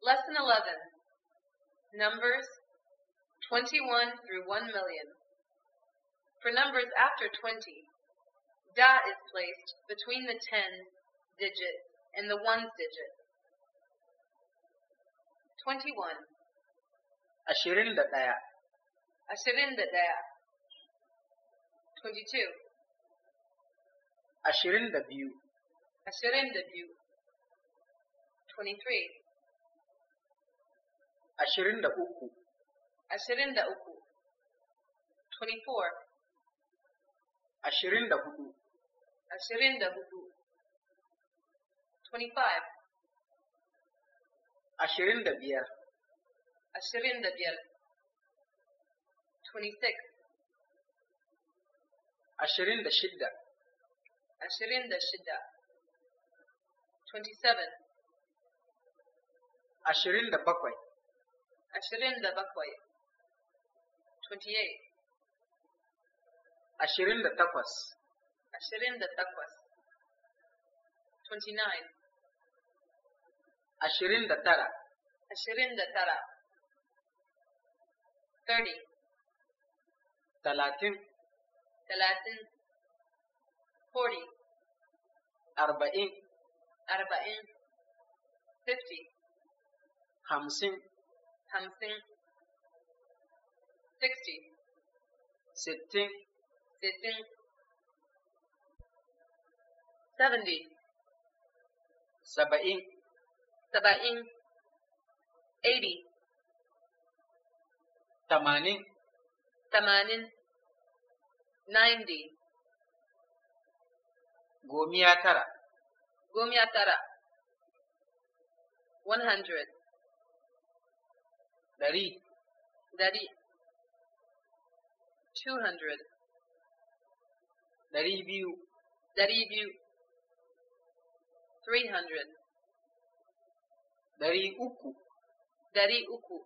Lesson 11 Numbers 21 through 1 million. For numbers after 20, da is placed between the 10 digit and the 1 digit. 21. Ashirin daya. Ashirin daya. 22. Ashirin Dabiyu. Ashirin Dabiyu. 23 ashirin da uku ashirin da uku 24 ashirin da hudu ashirin da hudu 25 ashirin da biyar ashirin da biyar 26 ashirin da shidda ashirin da shidda 27 ashirin da bakwai ashirin da bakwai Twanti-eight. ashirin da takwas ashirin da takwas Twanti-nine. ashirin da tara ashirin da tara 30 talatin talatin 40 arba'in arba'in 50 hamsin hamsini sixty sittin sittin seventy saba'in saba'in eighty tamanin tamanin ninety gomiya tara tara one hundred dari dari 200 dari biyu dari biyu 300 dari uku dari uku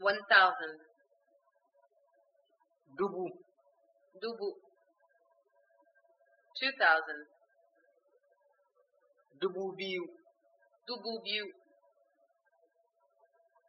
1000 dubu dubu 2000 dubu biyu dubu biyu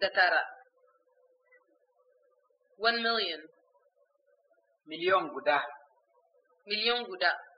da tara. One million. Miliyon guda. Miliyon guda.